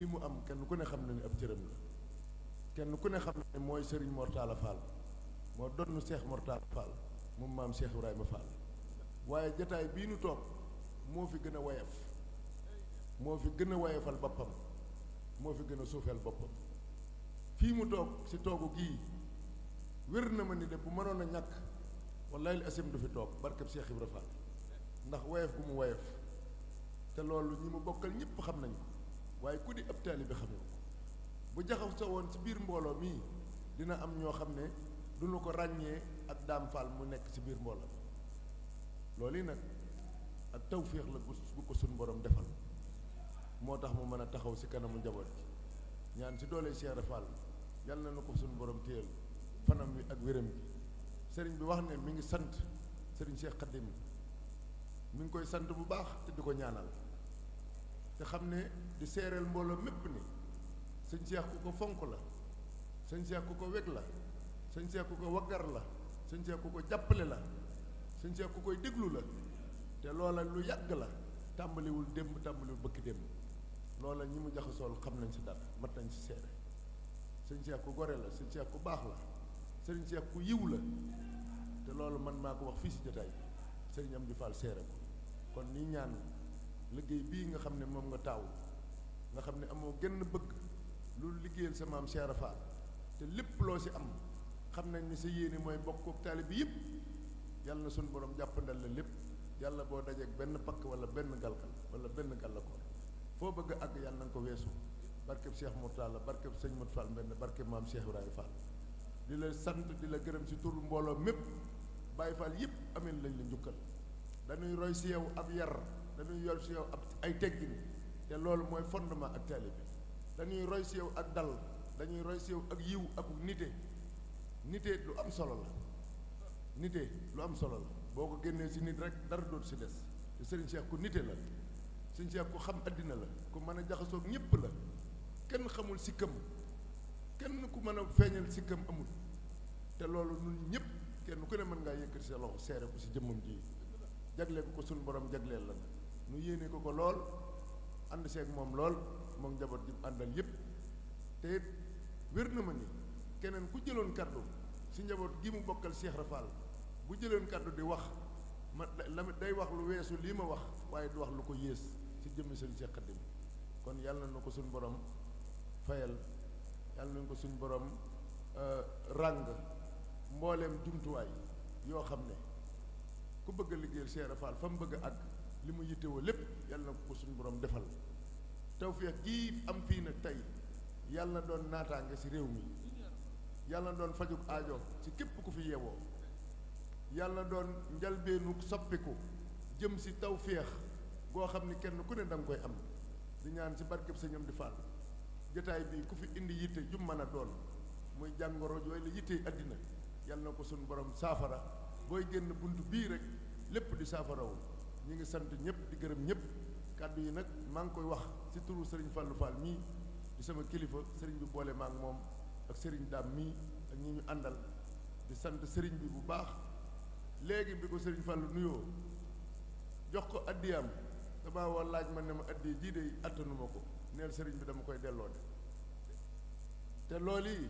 li mu am kenn ku ne xam na ne ab cëram la kenn ku ne xam na ne mooy sëriñ Mortala Fall moo donn seex Mortala Fall moom maam Cheikh ma Fall waaye jataay bii nu toog moo fi gën a woyof moo fi gën a woyofal boppam moo fi gën a suufeel boppam fii mu toog si toogu gii wér na ma ni de bu mënoon a ñàkk wallahi asim du fi toog barkeb Cheikh Ibra ndax woyof gu mu woyof te loolu ñi mu bokkal ñëpp xam nañu waaye ku di ab taalibe xamee ko bu jaxaw jaxasoo woon ci biir mbooloo mii dina am ñoo xam ne duñu ko ràññee ak daam faal mu nekk ci biir mbooloo loolu nag ak tawféex la bu ko suñu borom defal moo tax mu mën a taxaw ci kanamu njaboot gi ñaan ci doole Cheikh Fall yàlla na ko suñu boroom téyal fanam wi ak wéram gi sëriñ bi wax ne mi ngi sant sëriñ Cheikh Khadim mu ngi koy sant bu baax te di ko ñaanal te xam ne di seereel mbooloo mépp ni sëñ Seex ku ko fonk la sëñ Seex ku ko weg la sëñ Seex ku ko waggar la sëñ Seex ko jàppale la sëñ Seex ku koy déglu la te loola lu yàgg la tàmbaliwul démb tàmbaliwul bëkk démb loola ñi mu jaxasool xam nañ si dara mat nañ si seere sëñ Seex ku gore la sëñ Seex ku baax la sëñ Seex ku yiw la te loolu man maa ko wax fii si jotaay sëriñ Amdi Fall seere ko kon ni ñaan liggéey bii nga xam ne moom nga taaw nga xam ne amoo gën bëgg lu liggéeyal sa maam Cheikh Rafa te lépp loo si am xam nañ ne sa yéene mooy bokk taalibe yëpp yàlla na suñu borom jàppandal la lépp yàlla boo dajeeg benn pakk wala benn galkal wala benn gàllakoor foo bëgg a àgg yàlla na nga ko weesu barkeb Cheikh Mourtala barkeb sëñ Mat Fall mbenn barkeb maam Cheikh Ibrahima Fall di la sant di la gërëm si turu mbooloo mépp Baye Fall yëpp ameen lañ la njukkal dañuy roy si ab yar dañuy yor si yow ab ay teggin te loolu mooy fondement ak taalibe dañuy roy si yow ak dal dañuy roy si yow ak yiw ak nite nite lu am solo la nite lu am solo la boo ko génnee si nit rek dara dootu si des te Serigne Cheikh ku nite la Serigne Cheikh ku xam àddina la ku mën a jaxasoo ñépp la kenn xamul sikkam kenn ku mën a feeñal sikkam këm amul te loolu nun ñëpp kenn ku ne mën ngaa yëkkati sa loxo seere ko si jëmmam ji jagleel ko ko suñu borom jagleel la nu yéene ko ko lool ànd seek moom lool moom njaboot gi àndal yépp te it wér na ma ni keneen ku jëloon kaddu si njaboot gi mu bokkal Cheikh Rafal bu jëloon kaddu di wax ma la day wax lu weesu lii ma wax waaye du wax lu ko yées si jëmmi seen Cheikh Khadim kon yàlla na ko suñ borom fayal yàlla na ko suñ borom euh, ràng mbooleem jumtuwaay yoo xam ne ku bëgg a liggéeyal Cheikh Rafal fa mu bëgg a li mu yittewoo lépp yàlla na ko suñu boroom defal tawfeex gii am fii nag tey yàlla na doon naataange si réew mi yàlla na doon fajug aajo si képp ku fi yeewoo yàlla doon njalbeenu soppiku jëm si tawfeex goo xam ni kenn ku ne da koy am di ñaan si barkeb Sëñ Amdi Fall jotaay bii ku fi indi yitte ju mën a doon muy jàngoro yooyu la yittee àddina yàlla na ko suñu boroom saafara booy génn bunt bii rek lépp di saafarawu ñu ngi sant ñëpp di gërëm ñëpp kàddu yi nag maa ngi koy wax ci turu Serigne Fallou Fall mii di sama kilifa sëriñ bi boole maa moom ak Serigne Dame mii ak ñi ñu àndal di sant sëriñ bi bu baax léegi bi ko Serigne Fallou nuyoo jox ko addiyaam damaa war laaj ma ne ma addi jii de attanuma ko neel sëriñ bi dama koy delloo de te loolu yi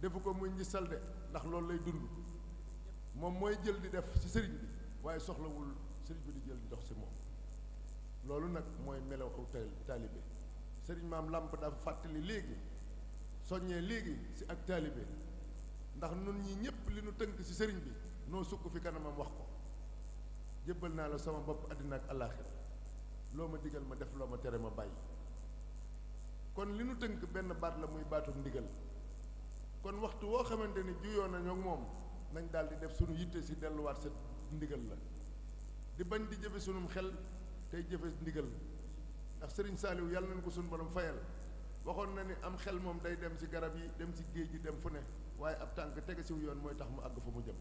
defu ko muy ngisal de ndax loolu lay dund moom mooy jël di def ci Serigne bi waaye soxlawul. sëriñ bi di jël di dox si moom loolu nag mooy melaw aw taalibe sëriñ maam làmp dafa fàttali léegi soññee léegi si ak taalibe ndax nun ñi ñëpp li nu tënk si sëriñ bi noo sukk fi kanamam wax ko jébbal naa la sama bopp àddina ak àllaaxira loo ma digal ma def loo ma tere ma bàyyi kon li nu tënk benn baat la muy baatum ndigal kon waxtu woo xamante ni juyoo nañoo ak moom nañ daal di def suñu yitte si delluwaat sa ndigal la di bañ di jëfe sunum xel tey jëfe ndigal ndax sëriñ saaliw yàlla nañ ko sunu borom fayal waxoon na ni am xel moom day dem ci garab yi dem ci géej yi dem fu ne waaye ab tànk tege siw yoon mooy tax mu àgg fa mu jëm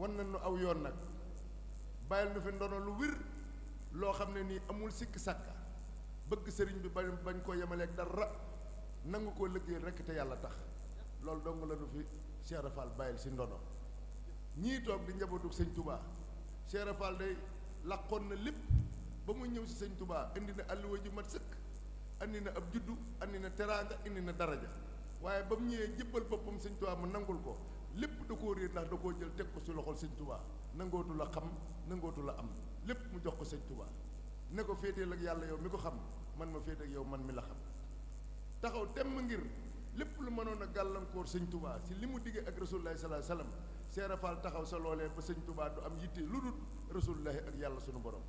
wan nañ nu aw yoon nag bàyyil nu fi ndono lu wir loo xam ne nii amul sikk sàkka bëgg sëriñ bi bañ bañ koo yemaleeg dara nangu koo liggéey rekk te yàlla tax loolu dong la nu fi Cheikh Rafal bàyyil ci ndono ñii toog di njabootu sëñ Tubaa Cheikh Rafal day làqoon na lépp ba muy ñëw si sëñ Touba indi na alluwa ju mat sëkk indi na ab juddu indi na teraanga indi na daraja waaye ba mu ñëwee jëbbal boppam sëñ Touba mu nangul ko lépp da ko réer ndax da koo jël teg ko si loxol sëñ Touba nangootu la xam nangootu la am lépp mu jox ko sëñ Touba ne ko féeteel ak yàlla yow mi ko xam man ma féete ak yow man mi la xam taxaw temm ngir lépp lu mënoon a gàllankoor sëñ Touba si li mu diggee ak Rasulullah sallallahu alayhi wasallam seerafal taxaw sa loolee ba sëñ Tuubaa du am yitte lu dul rasulullahi ak yàlla sunu borom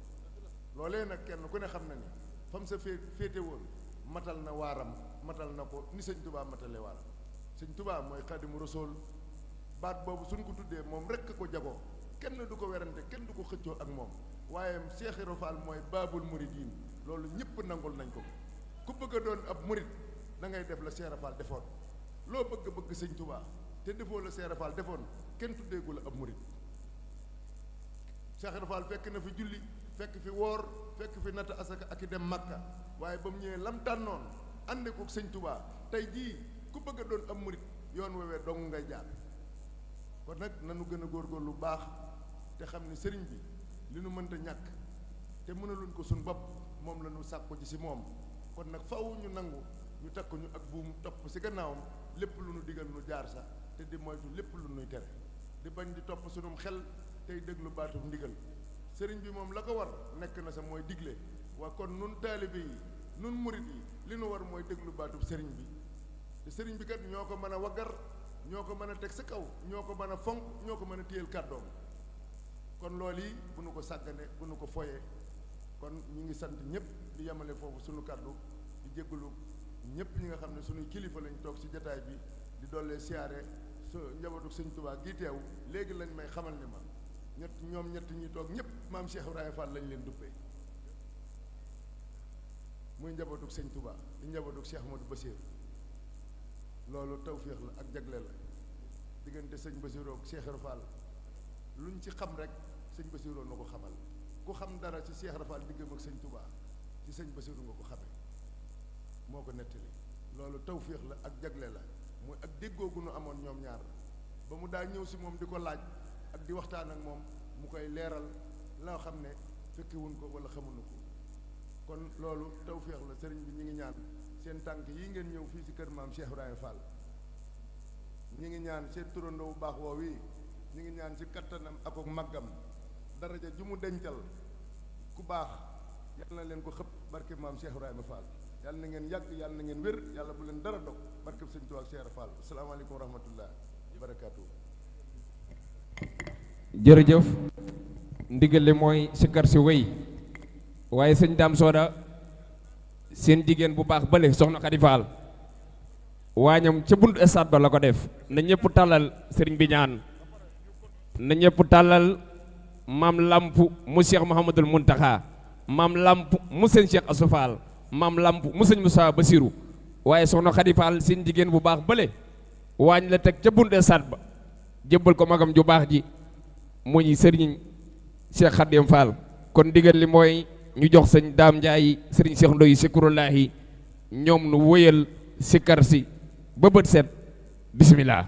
loolee nag kenn ku ne xam na ni fam sa fée féete woon matal na waaram matal na ko ni sëñ tubaa matale waaram sëñ Tuubaa mooy xadimu rasul baat boobu suñ ko tuddee moom rekk ko jagoo kenn du ko werante kenn du ko xëccoo ak moom waaye Cheikh Ibra mooy baabul muridiin loolu ñëpp nangul nañ ko ku bëgg doon ab murid da ngay def la Cheikh Ibra defoon loo bëgg sëñ Tuubaa te defoo la Cheikh Rafal defoon kenn tuddeeku la ab murit Cheikh Rafal fekk na fi julli fekk fi woor fekk fi natt asaka ak i dem Makka waaye ba mu ñëwee lam tànnoon ànd ko sëñ Touba tey jii ku bëgg a doon ab murit yoon woowee dong ngay jaar kon nag nanu gën a góor lu baax te xam ne sëriñ bi li nu mënta ñàkk te mënaluñ ko suñ bopp moom la ñu sàkku ji si moom kon nag faw ñu nangu ñu takku ak buum topp ci gannaawam lépp lu nu digal nu jaar sax te di moytu lépp lu nuy tere di bañ di topp sunum xel tey déglu baatum ndigal sëriñ bi moom la ko war nekk na sa mooy digle waa kon nun taalibe yi nun murit yi li nu war mooy déglu baatub sëriñ bi te sëriñ bi kat ñoo ko mën a waggar ñoo ko mën a teg sa kaw ñoo ko mën a fonk ñoo ko mën a téyel kàddoom kon loolu yi bu nu ko sàggane bu nu ko foyee kon ñi ngi sant ñëpp di yemale foofu sunu kàddu di jéggalu ñëpp ñi nga xam ne sunuy kilifa lañ toog ci jataay bi di dollee siyaare su njabootu sëñ Tuubaa gi teew léegi lañ may xamal ni ma ñett ñoom ñett ñi toog ñëpp maam Cheikh Ibrahima Fall lañ leen duppee muy njabootu sëñ Tuubaa di njabootu Cheikh Modou Bassir loolu tawféex la ak jagle la diggante sëñ Bassirou ak Cheikh Ibrahima Fall ci xam rek sëñ Bassirou na ko xamal ku xam dara ci Cheikh Ibrahima Fall diggam ak sëñ Tuubaa ci sëñ Bassirou nga ko xamee moo ko nettali loolu tawféex la ak jagle la. mooy ak déggoo gu nu amoon ñoom ñaar ba mu daa ñëw si moom di ko laaj ak di waxtaan ak moom mu koy leeral loo xam ne fekkiwuñ ko wala xamuñu ko kon loolu tawféex la sëriñ bi ñu ngi ñaan seen tànk yi ngeen ñëw fii si kër maam Cheikh Ibrahima Fall ñu ngi ñaan seen turandoo bu baax woow yi ñu ngi ñaan si kattanam ak ak màggam daraja ju mu dencal ku baax yal na leen ko xëpp barke maam Cheikh Ibrahima Fall yàlla na ngeen yàgg yàlla na ngeen wér yàlla bu leen dara dog barkeb sëñ Tuubaa ak Cheikh Fall asalaamaaleykum wa jërëjëf ndigal li mooy sikkar si wéy waaye sëñ Dame Soda seen jigéen bu baax bële soxna Khady Fall waañam ca buntu stade ba la ko def na ñëpp tàllal sëriñ bi ñaan na ñëpp tàllal maam làmp mu Cheikh Mouhamadul maam lamp mu seen Cheikh Asou Fall maam lamp mu sëñ Moussa siru waaye soxna Khady Fall seen jigéen bu baax bële waañ la teg ca bunde saat ba jébbal ko magam ju baax ji mu ñuy sëriñ Cheikh Khadim Fall kon digal li mooy ñu jox sëñ Daam Ndiaye sëriñ Cheikh Ndoye Sikurulaahi ñoom nu wëyal sikkar si ba bët set bisimilah.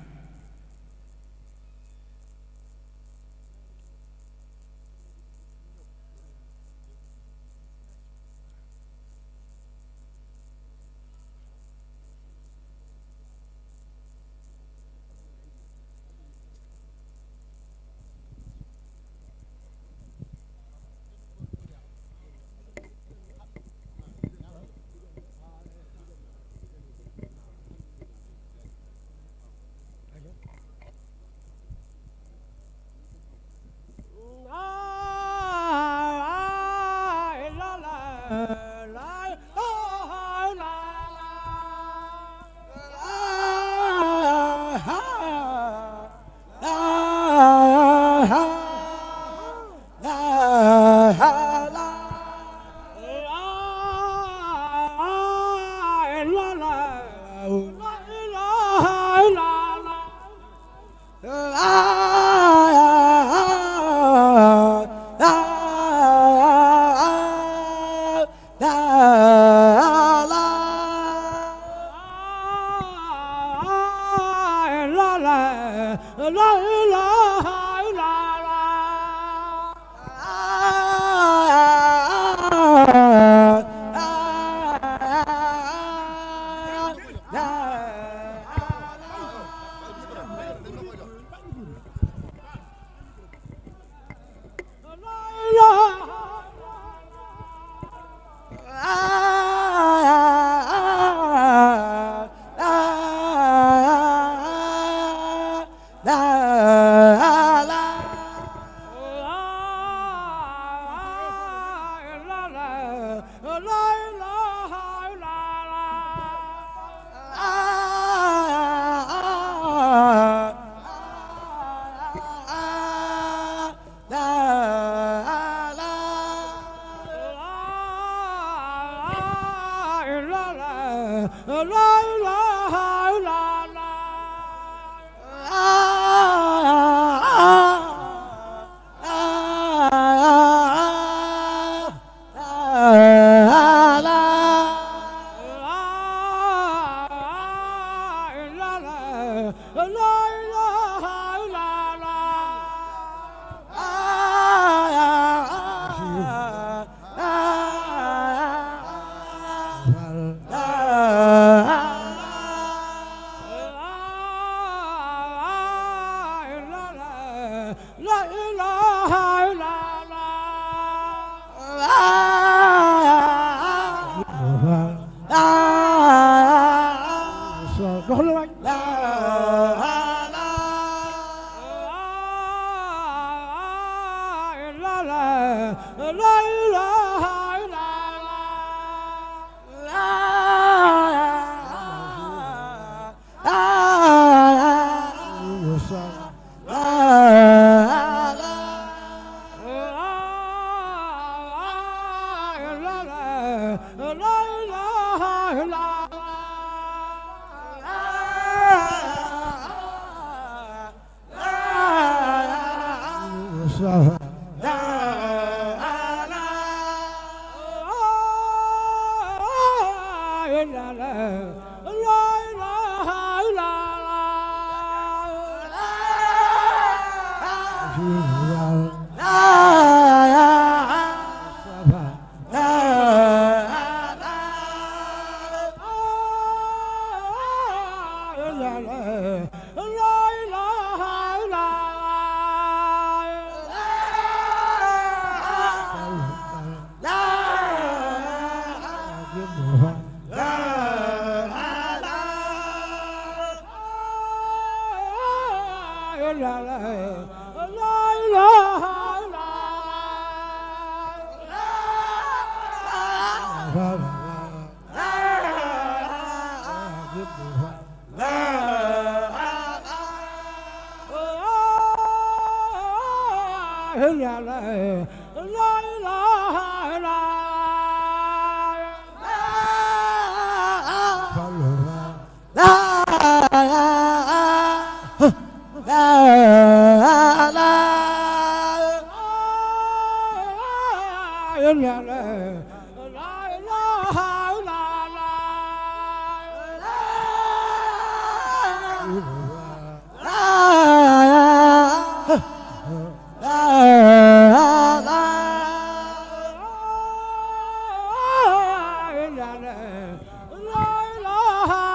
la ilaha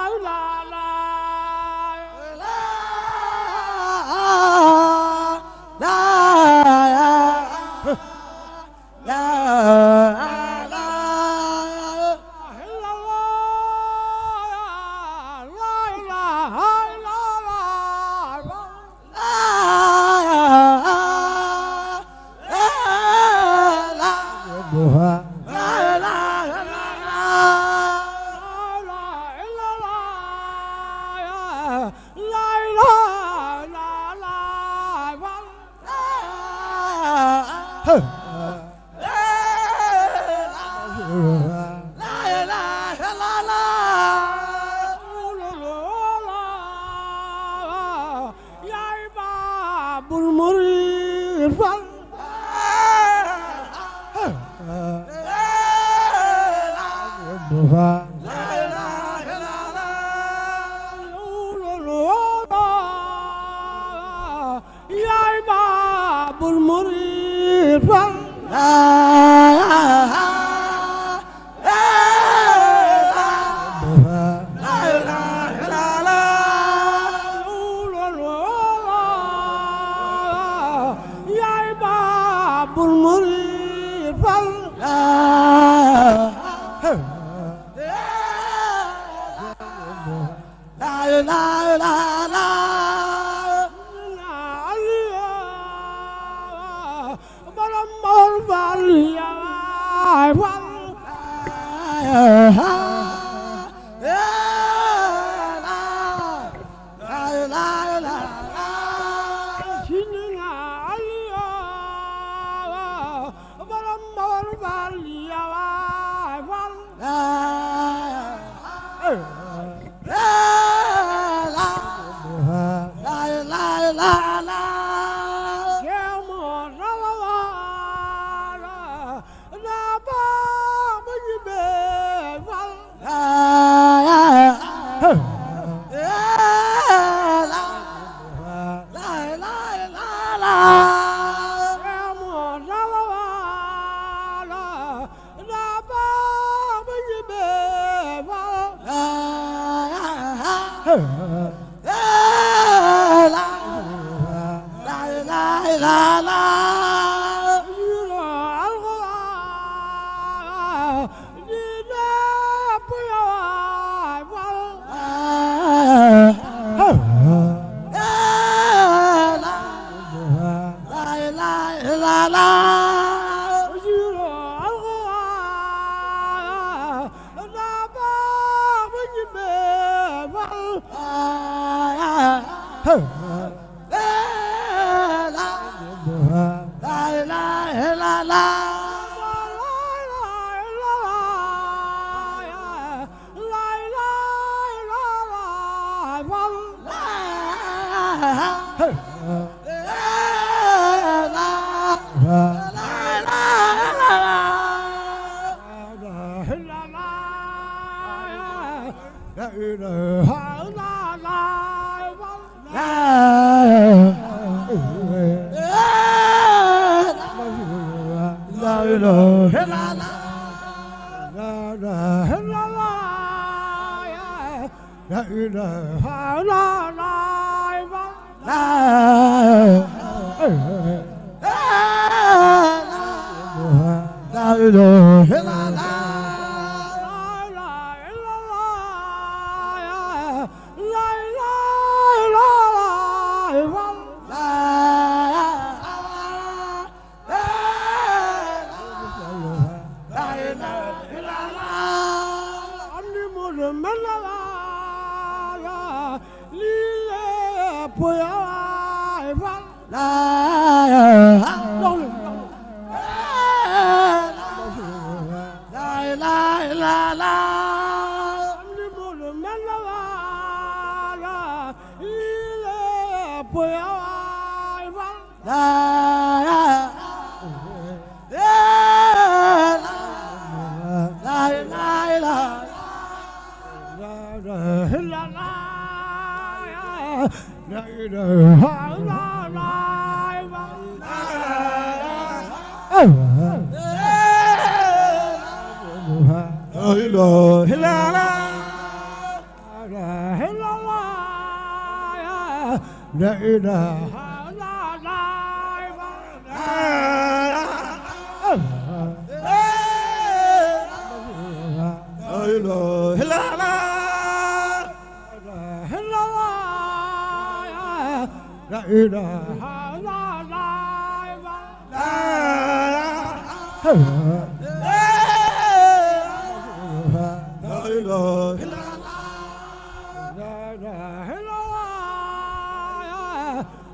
Spirit.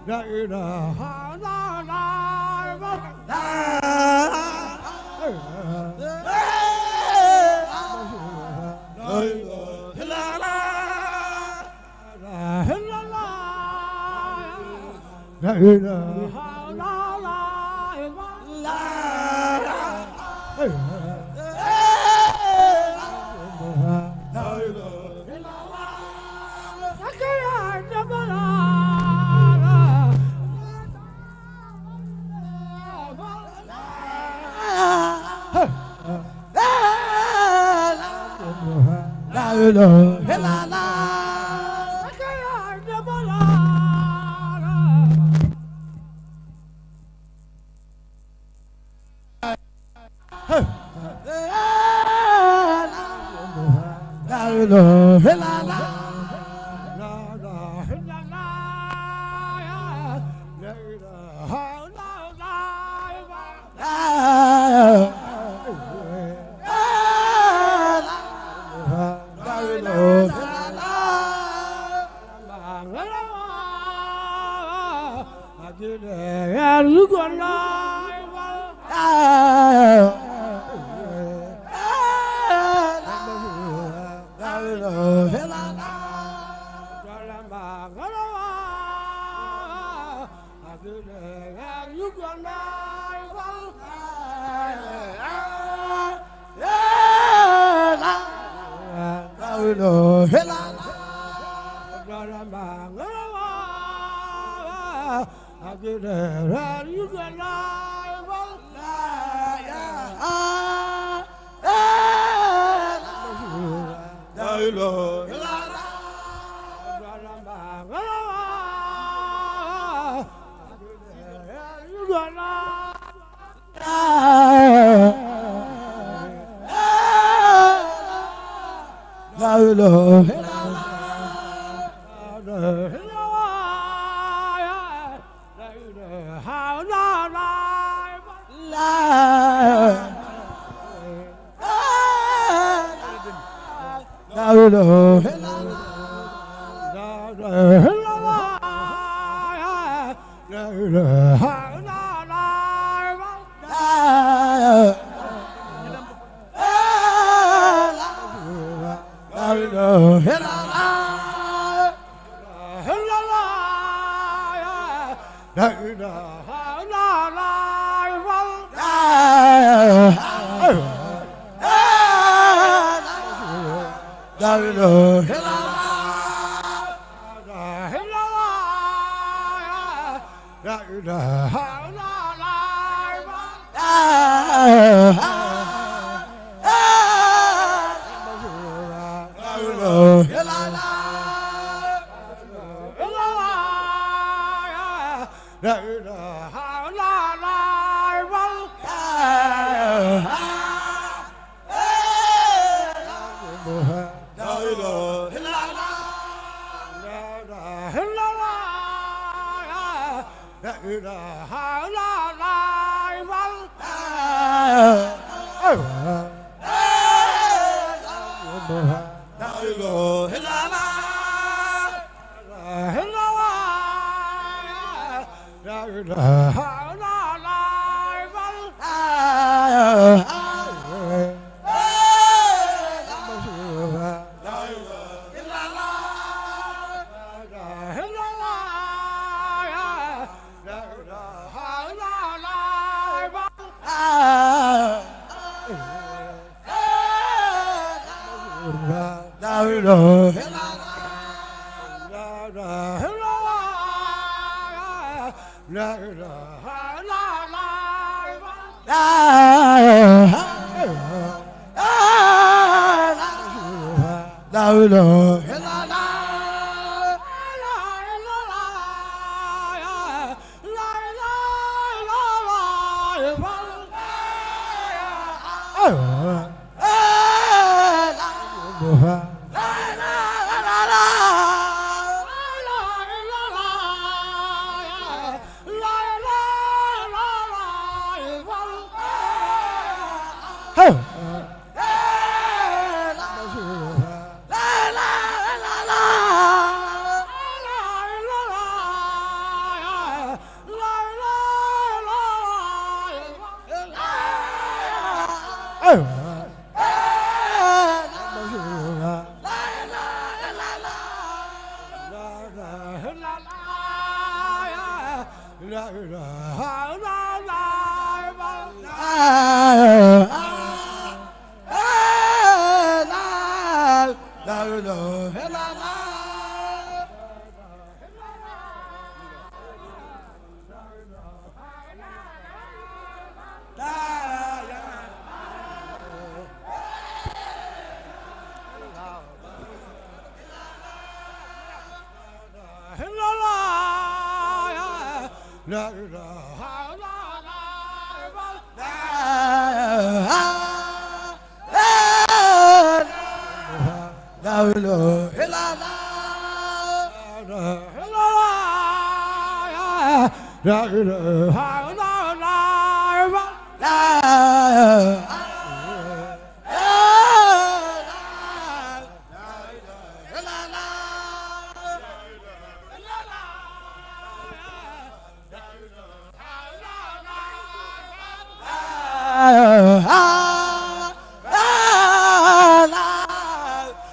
la ilaha hylää. Judah, and look on life. لا إله إلا الله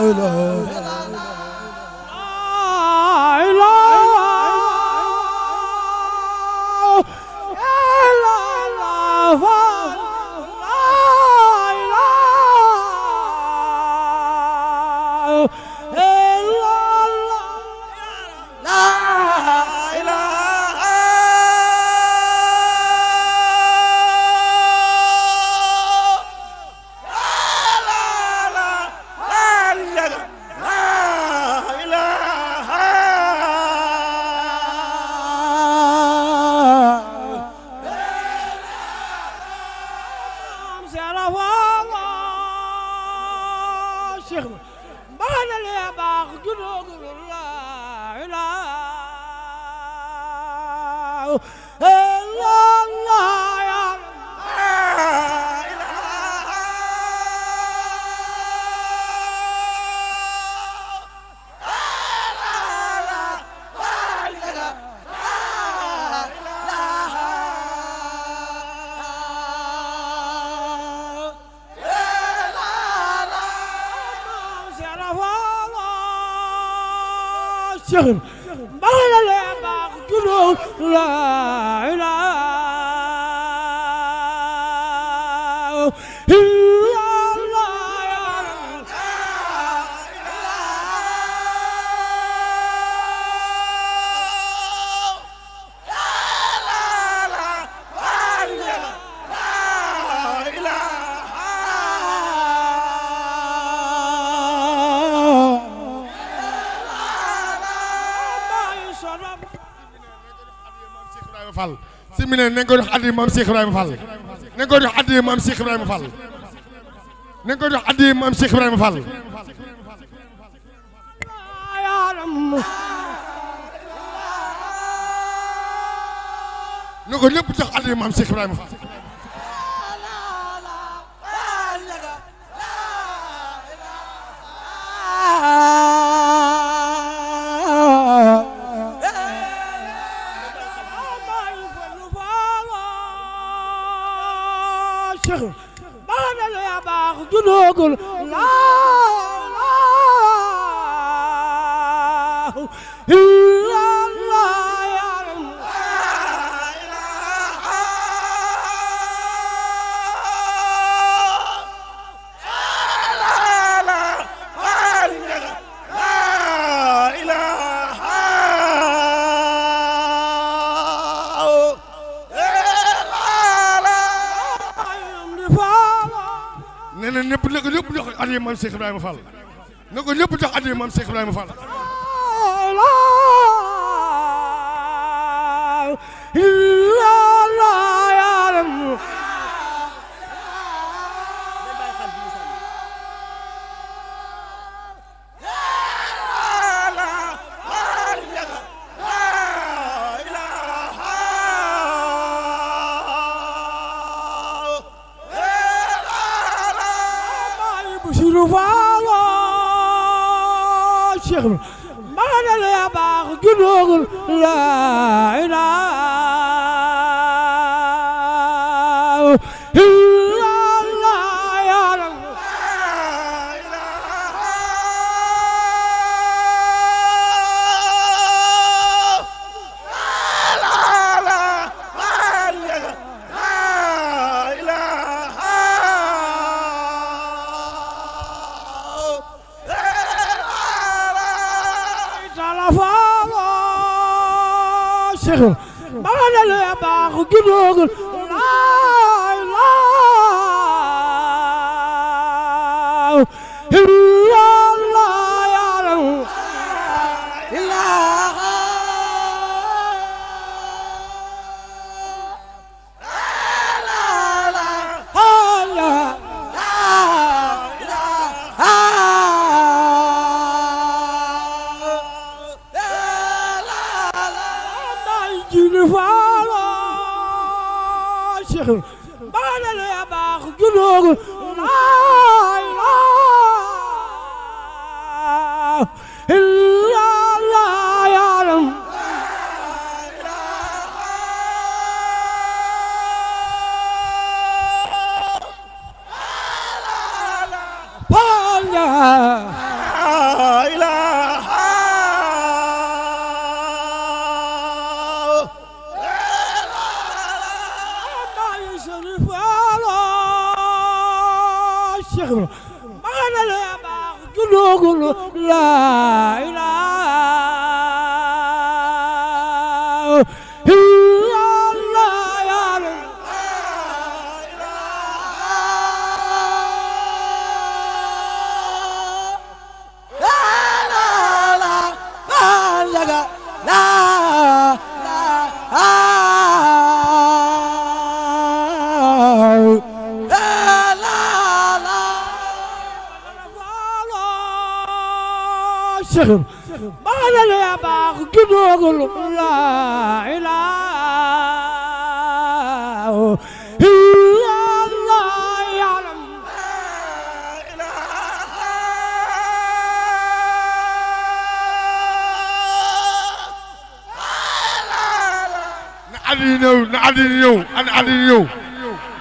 له Cheikh Ibra sëñ bi ne nañ ko jox addi maam Cheikh Ibrahima Fall nañ ko jox addi maam Cheikh Ibrahima Fall nañ ko jox addi maam Cheikh Ibrahima Fall na ko ñëpp jox addi maam Cheikh Ibrahima Fall nee na ñëpp na ko ñëpp jox yi maam Cheikh Ibrahima Fall na ko ñëpp jox addiya maam Cheikh Ibrahima Fall la la Cheikh bana la ya baax junoogu laa ilaaha la ilaha رسول لا إله إلا الله يعلم na addi ñëw na addi ñëw an addi ñëw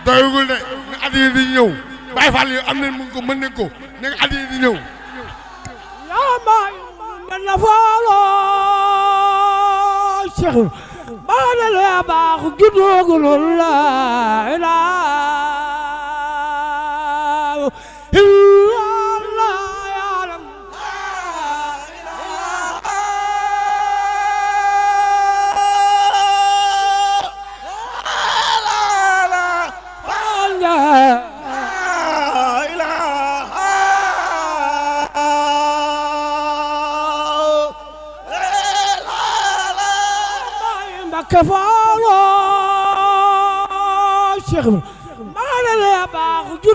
doyugul de na addi di ñëw Baay Faal yi am nañ mu ko mën nañ ko na addi di ñëw yaa ma man la faalo Cheikh baana la baax juddoo la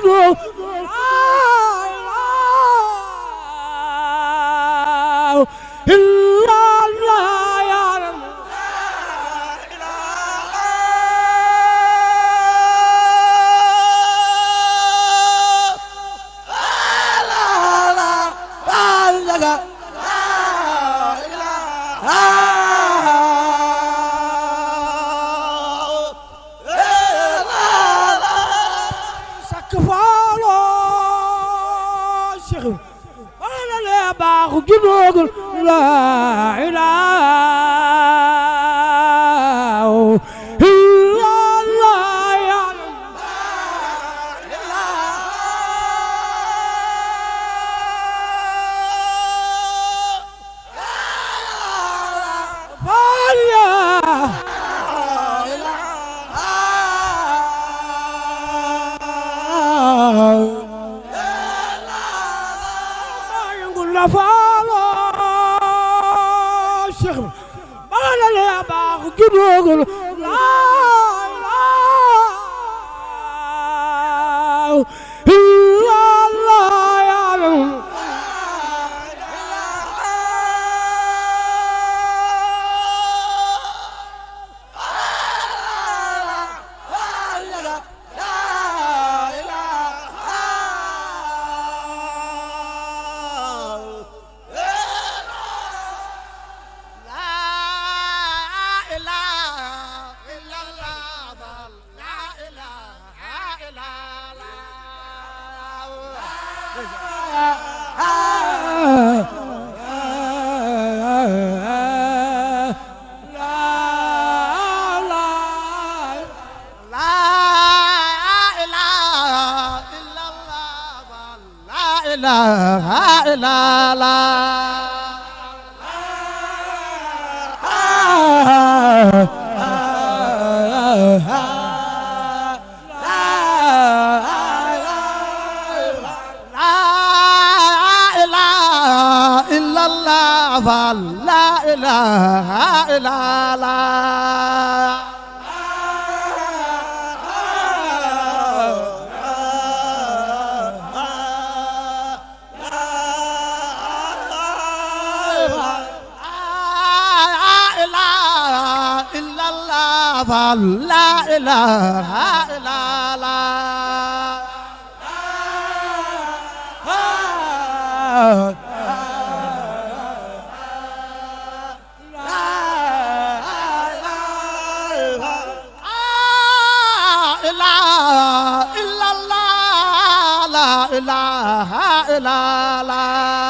Diouf la baax juddoogul ilaha illallah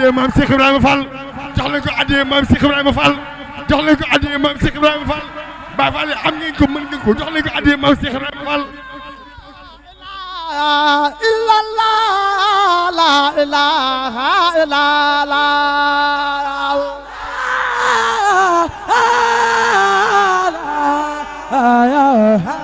addee maam Cheikh Ibrahima Fall jox leen ko addee maam Cheikh Ibrahima Fall jox leen ko addee maam Cheikh Ibrahima Fall Baay Fall am ngeen ko mën ngeen ko jox leen ko addee maam Cheikh Ibrahima Fall la ilaha la ilaha la la la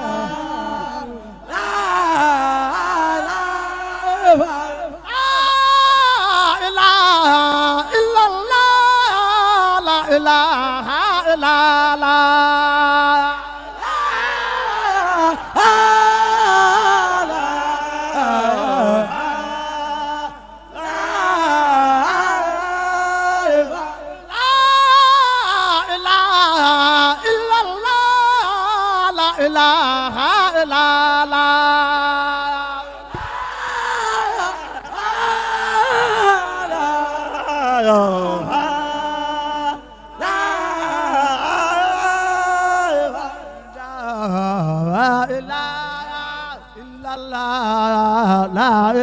ilaha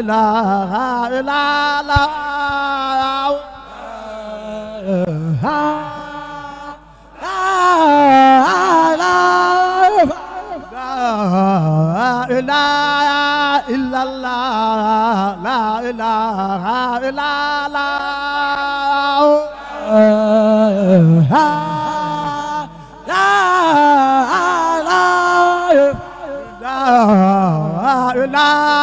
illa Allah ilaha illallah la ilaha illallah la la la la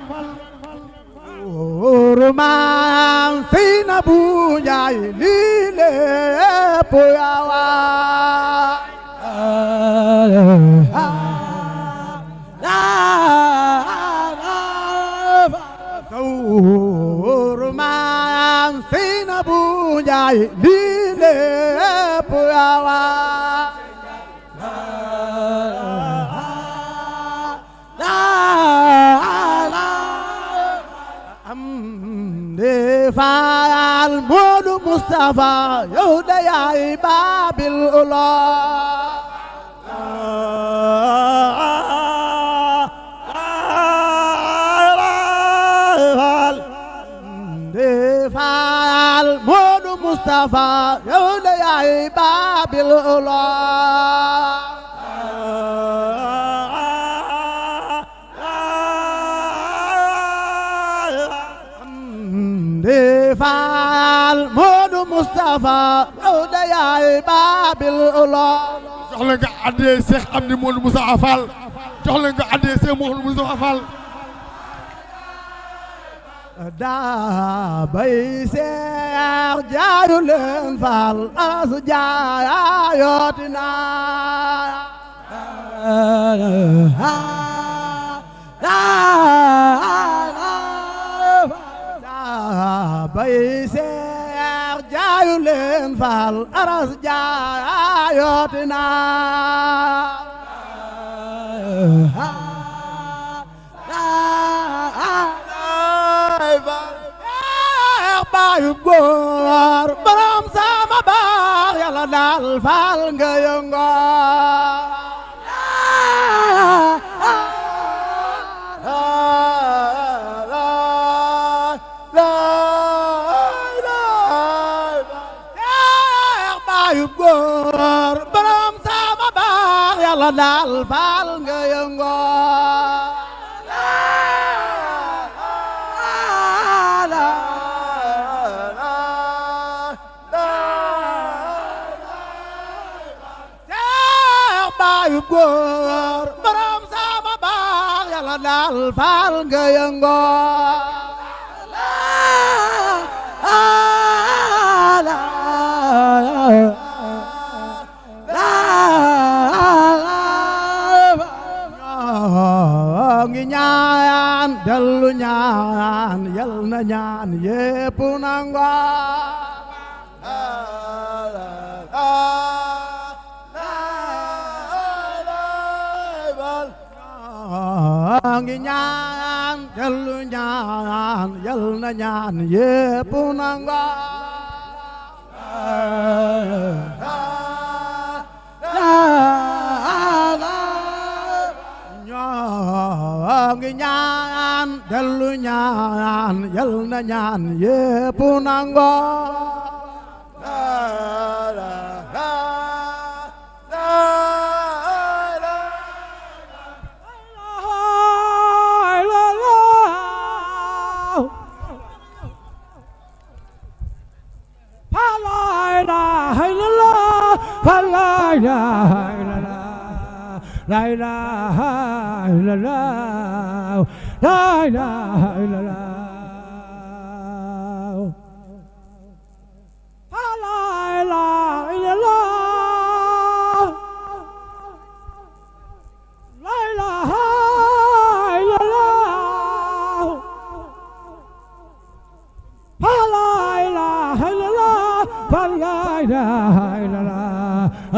góor maam Seynabu Njaay lii lépp yaa waa Seynabu Njaay lii lépp yaa waa faal Moodu Mustafa yow da yaay baabil ula faal Moodu Mustafa yow da yaay baabil ula Moustapha daw da yaay baabil ulo jox la nga addee Seex Amdi Modou Moussa Fall jox la nga addee Seex Modou Moussa Fall daa bay seex jaayu leen faal alas jaayooti naa daa bay seex jaayu leen faal aras jaayootina baayu góor borom sama baax yàlla daal faal nga yëngoo faal faal nga yëngoo góor borom sama baax yàlla daal faal nga yëngoo ñaan yépp nangoo ngi ñaan yal ñaan yal na ñaan yépp nangoo dellu ñaan yal na ñaan yépp nango la la la la la ilaha illallah la ilaha illallah la ilaha illallah la ilaha illallah la ilaha illallah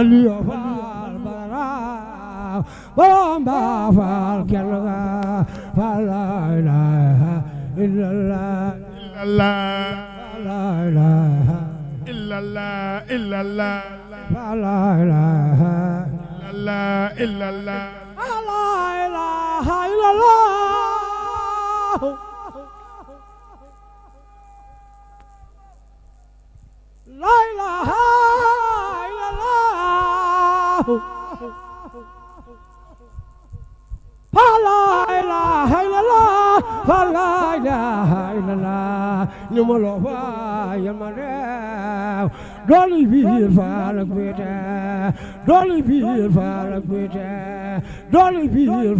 اليوم البراء برام بافر كالغار فلا إله إلا الله إلا الله فلا إله إلا الله إلا الله فلا إله إلا الله إلا الله فلا إله إلا الله لا إله fala ilaha illallah fala ilaha illallah ñu ma loo fa yal ma reew dooli biir faal ak bite dooli biir faal ak bite dooli biir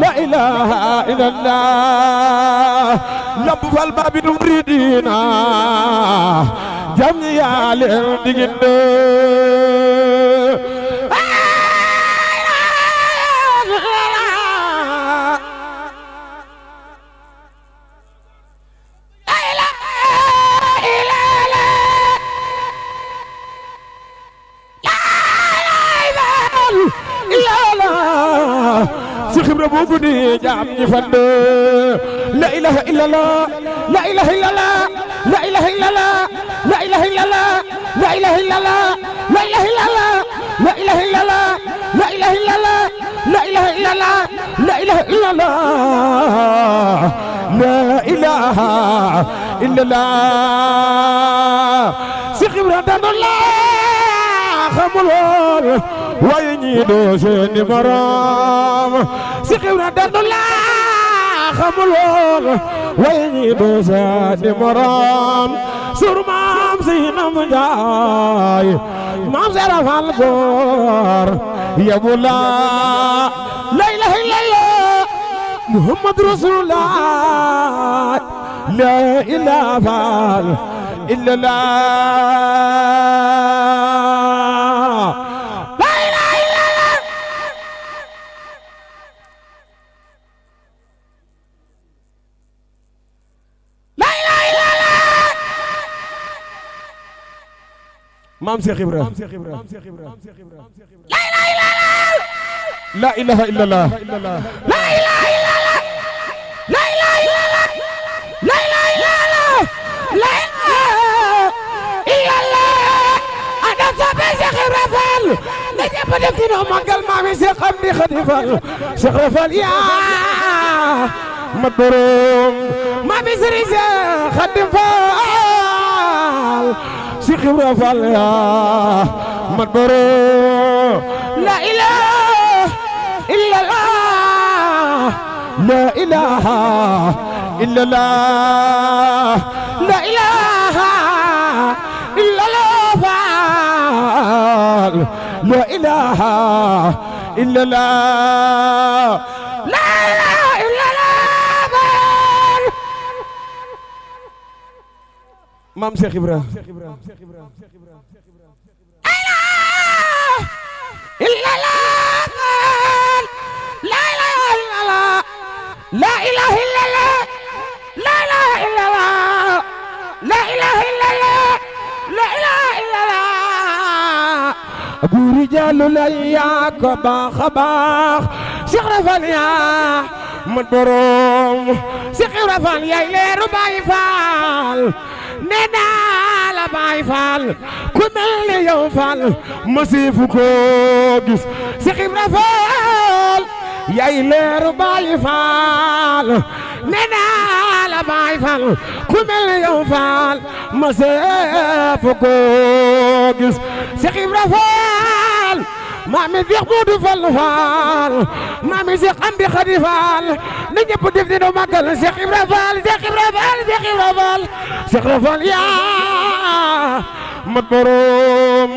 لا إله إلا الله لب فالباب مريدينا جميع الدين la bu guddi jaam ñi fande la ilaha illallah la ilaha illallah la ilaha illallah la ilaha illallah la ilaha illallah la ilaha illallah la ilaha illallah la ilaha illallah la ilaha illallah la ilaha illallah la ilaha illallah si xibra daan la xamul woon waaye ñii doo seeni morom si xiw na laa xamul woon waaye ñii doo seeni morom suur maam si nam njaay maam seera fal goor yabula la ilaha illallah muhammad rasulullah la ilaha illallah maam Cheikh Ibrahima. la ilaha illallah. la ilaha illallah. la ilaha illallah. la ilaha illallah. la ilaha illallah. la ilaha illallah. ada soppe Cheikh Ibrahima Fall. na ñëpp def ci noo màggal maam yi Cheikh Amdi Khady Fall. Cheikh Fall yaa ma borom. maam yi Serigne Cheikh Khady Fall. Ibra Fall yaa ah, mat boroo la ilaha illallah la ilaha illallah la ilaha illallah Fall la ilaha illallah maam Cheikh Ibra la ilaha illallah la ilaha illallah la ilaha illallah la ilaha illallah guri jaalu la yaa ko baax a baax Rafal yaa mat borom Cheikh Rafal yaay leeru Baay Faal nee naa la baay faal ku mel ni yow faal masiifu ko gis si xibra faal yaay baay faal ku mel ni yow faal masiifu ko gis si xibra faal maami Seex Moodu Fall Fall maami Seex Amdi Xadi Fall na ñëpp def dina màggal Seex Ibra Fall Seex Ibra Fall Seex Ibra Fall Seex Ibra Fall yaa mat boroom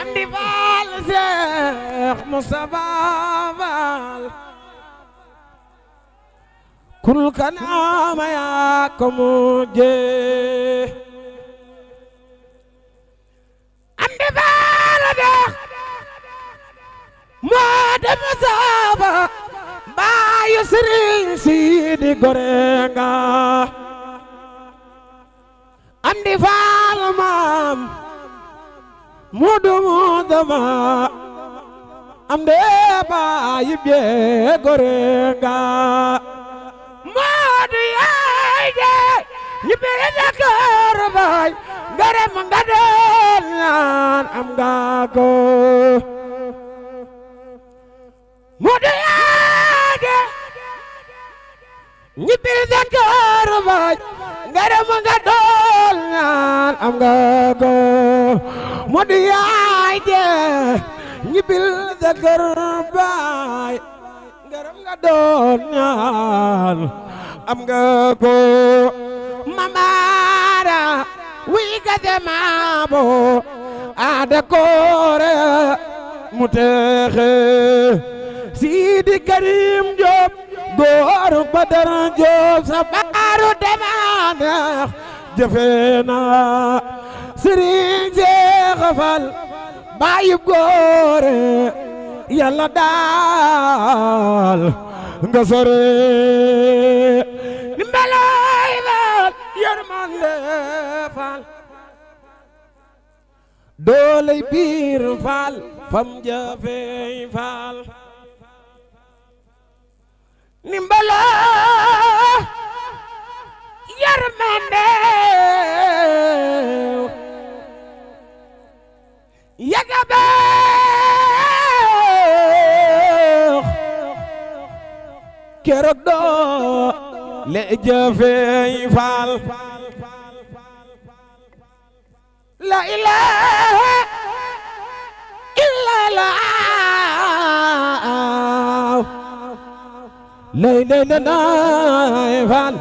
Amdi Fall Seex Mustafa Fall kul kanaama yaa ko mujjee Amdi Fall moo dem saaba baayu sëriñ siidi gorenga am di faal maam muudu muudu ma am dee baayu bee gorenga muudu yaay dee ñu biri dakar baay garem nga doon ñaan am nga ko mu di yaage ñi bil dangar baaj ngaram nga dool ñaan am nga ko mu di yaage ñi bil dangar baaj ngaram nga dool ñaan am nga ko mamaara wii ga demaabo aada koore mu teexe Sidi Karim Diop góoru Badar Diop sa baaru demaaneex jëfe naa Sëriñ Seex Faal baayub góore yàlla daal nga sore mbalooy faal yërmande faal dooley biir faal fam jëfe faal ndimbala yërmande yaga beex keroog doo le jëfey faal la ilaha illa la ليلة نايفال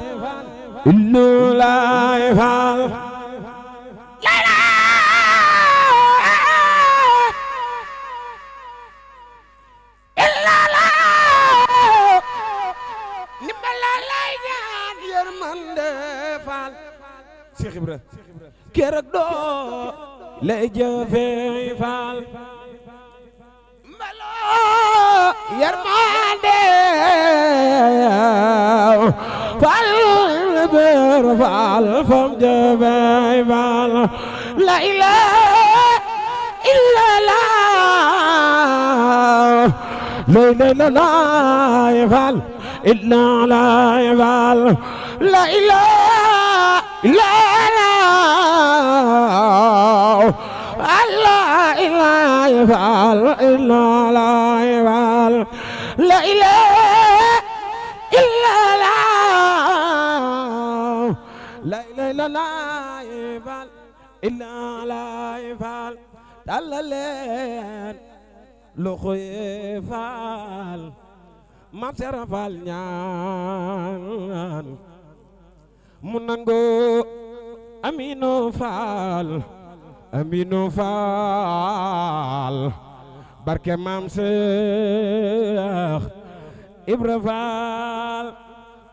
إنه لايفال ليلة إلا لا نملا لايجان يرمان دفال شيخ إبراهيم كيرك دو لايجان فيفال ملو yermande fal bir fal fam jabay fal la ilaha illa la ليلنا لا يفعل إلا لا إله يفعل إلا لا يفعل لا إله إلا لا لا إله إلا لا يفعل إلا لا يفعل تلالين لخو يفعل ما بسرفال نيان منانغو أمينو فال Aminu Faal barke maam Seex Ibra Faal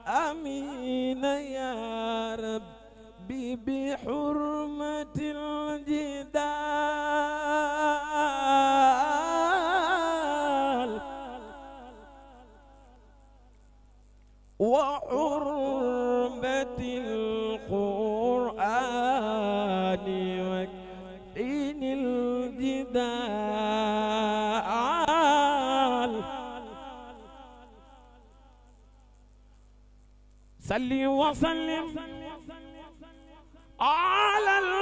amina yaa rabbi bi xurmatil jidaal wa xurmatil quraani الجبال صلي وسلم على